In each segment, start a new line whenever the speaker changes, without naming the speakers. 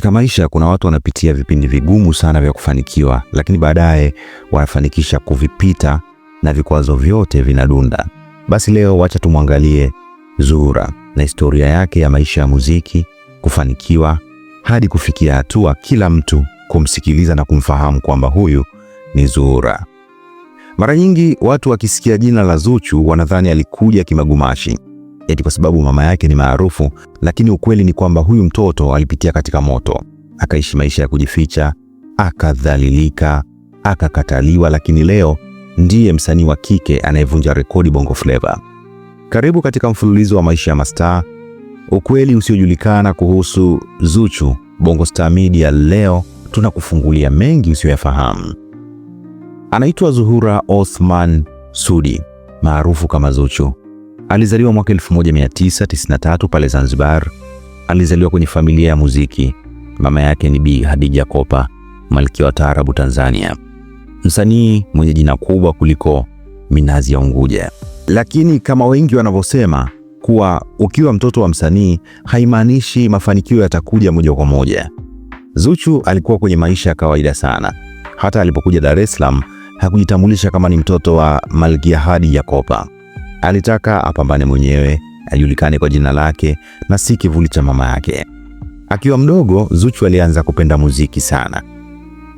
Katika maisha kuna watu wanapitia vipindi vigumu sana vya kufanikiwa, lakini baadaye wanafanikisha kuvipita na vikwazo vyote vinadunda. Basi leo wacha tumwangalie Zuhura na historia yake ya maisha ya muziki, kufanikiwa hadi kufikia hatua kila mtu kumsikiliza na kumfahamu kwamba huyu ni Zuhura. Mara nyingi watu wakisikia jina la Zuchu wanadhani alikuja kimagumashi, eti kwa sababu mama yake ni maarufu, lakini ukweli ni kwamba huyu mtoto alipitia katika moto, akaishi maisha ya kujificha, akadhalilika, akakataliwa, lakini leo ndiye msanii wa kike anayevunja rekodi Bongo Flava. Karibu katika mfululizo wa maisha ya mastaa, ukweli usiojulikana kuhusu Zuchu. Bongo Star Media leo tunakufungulia mengi usiyoyafahamu. Anaitwa Zuhura Othman Sudi maarufu kama Zuchu. Alizaliwa mwaka 1993 pale Zanzibar. Alizaliwa kwenye familia ya muziki. Mama yake ni Bi Hadija Kopa, malkia wa taarabu Tanzania, msanii mwenye jina kubwa kuliko minazi ya Unguja. Lakini kama wengi wanavyosema kuwa ukiwa mtoto wa msanii haimaanishi mafanikio yatakuja moja kwa moja. Zuchu alikuwa kwenye maisha ya kawaida sana. Hata alipokuja Dar es Salaam hakujitambulisha kama ni mtoto wa Malkia Hadija Kopa. Alitaka apambane mwenyewe, ajulikane kwa jina lake na si kivuli cha mama yake. Akiwa mdogo, Zuchu alianza kupenda muziki sana.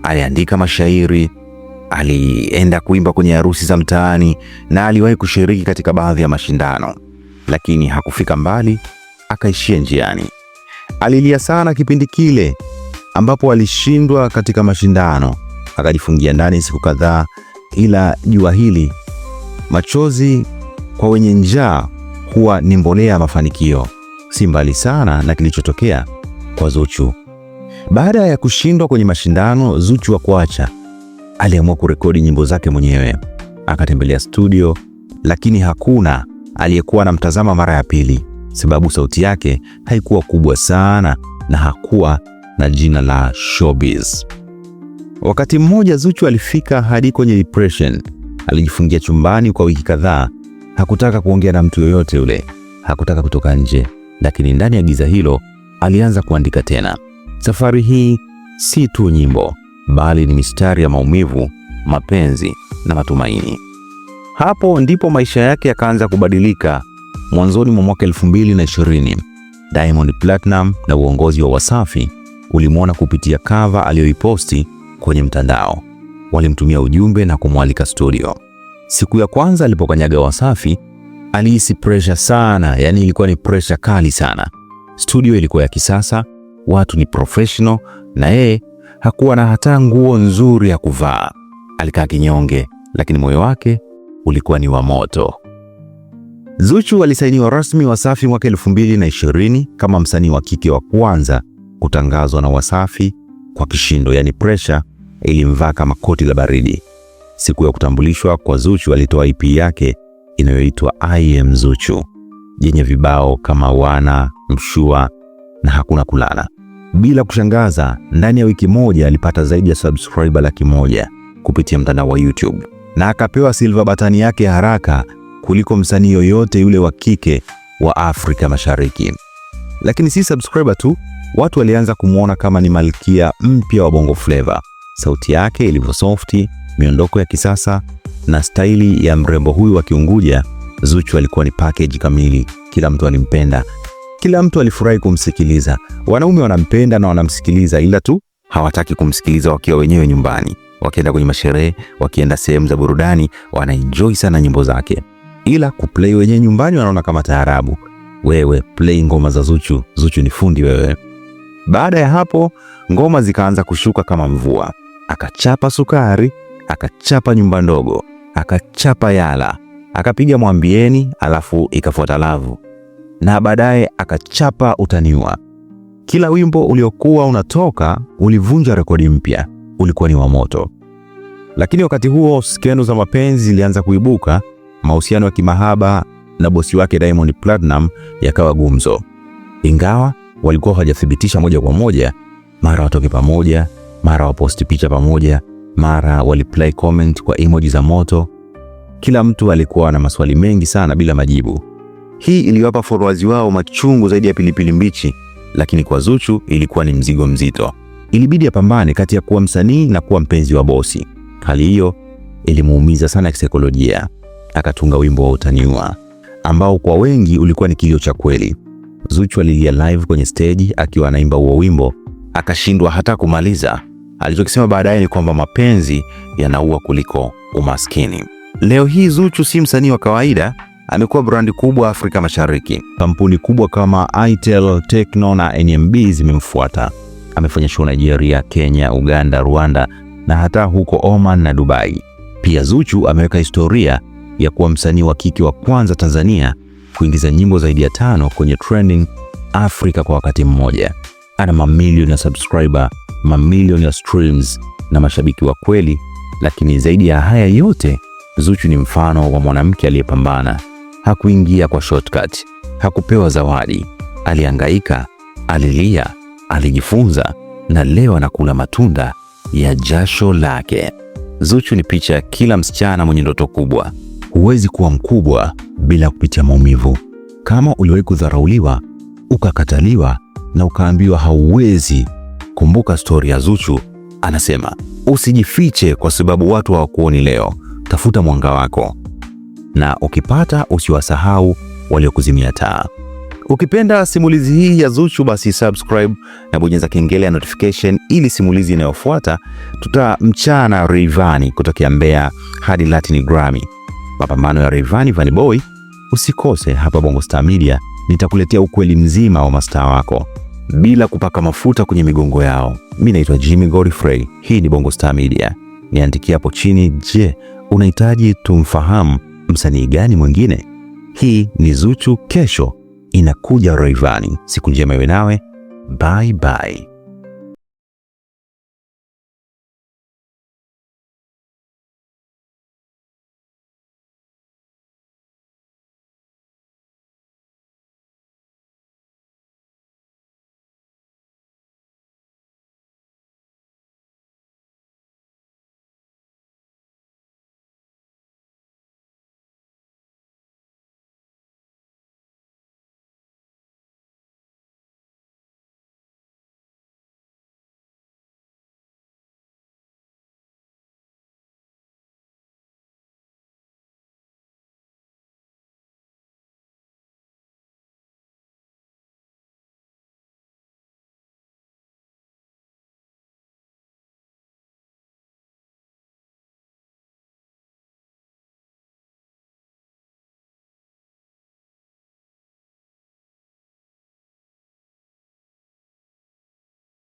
Aliandika mashairi, alienda kuimba kwenye harusi za mtaani na aliwahi kushiriki katika baadhi ya mashindano, lakini hakufika mbali, akaishia njiani. Alilia sana kipindi kile ambapo alishindwa katika mashindano, akajifungia ndani siku kadhaa, ila jua hili machozi kwa wenye njaa huwa ni mbolea ya mafanikio, si mbali sana na kilichotokea kwa Zuchu. Baada ya kushindwa kwenye mashindano, Zuchu wa kuacha aliamua kurekodi nyimbo zake mwenyewe. Akatembelea studio, lakini hakuna aliyekuwa anamtazama mara ya pili, sababu sauti yake haikuwa kubwa sana na hakuwa na jina la showbiz. Wakati mmoja Zuchu alifika hadi kwenye depression. Alijifungia chumbani kwa wiki kadhaa Hakutaka kuongea na mtu yoyote yule, hakutaka kutoka nje, lakini ndani ya giza hilo alianza kuandika tena. Safari hii si tu nyimbo, bali ni mistari ya maumivu, mapenzi na matumaini. Hapo ndipo maisha yake yakaanza kubadilika. Mwanzoni mwa mwaka 2020, Diamond Platinum na uongozi wa Wasafi ulimwona kupitia kava aliyoiposti kwenye mtandao. Walimtumia ujumbe na kumwalika studio. Siku ya kwanza alipokanyaga Wasafi alihisi pressure sana, yani ilikuwa ni pressure kali sana. Studio ilikuwa ya kisasa, watu ni professional, na yeye hakuwa na hata nguo nzuri ya kuvaa. Alikaa kinyonge, lakini moyo wake ulikuwa ni wa moto. Zuchu alisainiwa rasmi Wasafi mwaka ishirini kama msanii wa kike wa kwanza kutangazwa na Wasafi kwa kishindo, yani pressure ilimvaa kama koti la baridi. Siku ya kutambulishwa kwa Zuchu alitoa EP yake inayoitwa I Am Zuchu yenye vibao kama wana mshua na hakuna kulala. Bila kushangaza, ndani ya wiki moja alipata zaidi ya subscriber laki moja kupitia mtandao wa YouTube na akapewa silver batani yake haraka kuliko msanii yoyote yule wa kike wa Afrika Mashariki. Lakini si subscriber tu, watu walianza kumwona kama ni malkia mpya wa Bongo Flava. Sauti yake ilivyo softi miondoko ya kisasa na staili ya mrembo huyu wa Kiunguja. Zuchu alikuwa ni package kamili, kila mtu alimpenda, kila mtu alifurahi kumsikiliza. Wanaume wanampenda na wanamsikiliza, ila tu hawataki kumsikiliza wakiwa wenyewe nyumbani, wakienda kwenye masherehe, wakienda sehemu za burudani, wanaenjoy sana nyimbo zake, ila kuplay wenyewe nyumbani wanaona kama taarabu. Wewe play ngoma za Zuchu, Zuchu ni fundi wewe. Baada ya hapo ngoma zikaanza kushuka kama mvua, akachapa sukari akachapa nyumba ndogo, akachapa Yala, akapiga Mwambieni, alafu ikafuata Lavu na baadaye akachapa Utaniua. Kila wimbo uliokuwa unatoka ulivunja rekodi mpya, ulikuwa ni wa moto. Lakini wakati huo skeno za mapenzi zilianza kuibuka, mahusiano ya kimahaba na bosi wake Diamond Platinum yakawa gumzo, ingawa walikuwa hawajathibitisha moja kwa moja, mara watoke pamoja, mara waposti picha pamoja, mara waliply comment kwa emoji za moto. Kila mtu alikuwa na maswali mengi sana bila majibu. Hii iliwapa followers wao machungu zaidi ya pilipili mbichi, lakini kwa Zuchu ilikuwa ni mzigo mzito. Ilibidi apambane kati ya kuwa msanii na kuwa mpenzi wa bosi. Hali hiyo ilimuumiza sana kisaikolojia. Akatunga wimbo wa Utaniua ambao kwa wengi ulikuwa ni kilio cha kweli. Zuchu alilia live kwenye stage akiwa anaimba huo wimbo, akashindwa hata kumaliza. Alichokisema baadaye ni kwamba mapenzi yanaua kuliko umaskini. Leo hii Zuchu si msanii wa kawaida, amekuwa brandi kubwa Afrika Mashariki. Kampuni kubwa kama Itel, Tecno na NMB zimemfuata. Amefanya show Nigeria, Kenya, Uganda, Rwanda na hata huko Oman na Dubai. Pia Zuchu ameweka historia ya kuwa msanii wa kike wa kwanza Tanzania kuingiza nyimbo zaidi ya tano kwenye trending Afrika kwa wakati mmoja. Ana mamilioni ya subscriber mamilioni ya streams na mashabiki wa kweli. Lakini zaidi ya haya yote, Zuchu ni mfano wa mwanamke aliyepambana. Hakuingia kwa shortcut, hakupewa zawadi, alihangaika, alilia, alijifunza, na leo anakula matunda ya jasho lake. Zuchu ni picha ya kila msichana mwenye ndoto kubwa. Huwezi kuwa mkubwa bila kupitia maumivu. Kama uliwahi kudharauliwa, ukakataliwa na ukaambiwa hauwezi anakumbuka stori ya Zuchu, anasema usijifiche kwa sababu watu hawakuoni leo, tafuta mwanga wako, na ukipata usiwasahau waliokuzimia taa. Ukipenda simulizi hii ya Zuchu, basi subscribe na bonyeza kengele ya notification ili simulizi inayofuata tutamchana Rayvanny kutokea Mbeya hadi Latin Grammy, mapambano ya Rayvanny Vanny Boy. Usikose hapa Bongo Star Media, nitakuletea ukweli mzima wa mastaa wako bila kupaka mafuta kwenye migongo yao. Mi naitwa Jimmy Godfrey, hii ni Bongo Star Media. Niandikia hapo chini, je, unahitaji tumfahamu msanii gani mwingine? Hii ni Zuchu, kesho inakuja Rayvanny. Siku njema iwe nawe, bye bye.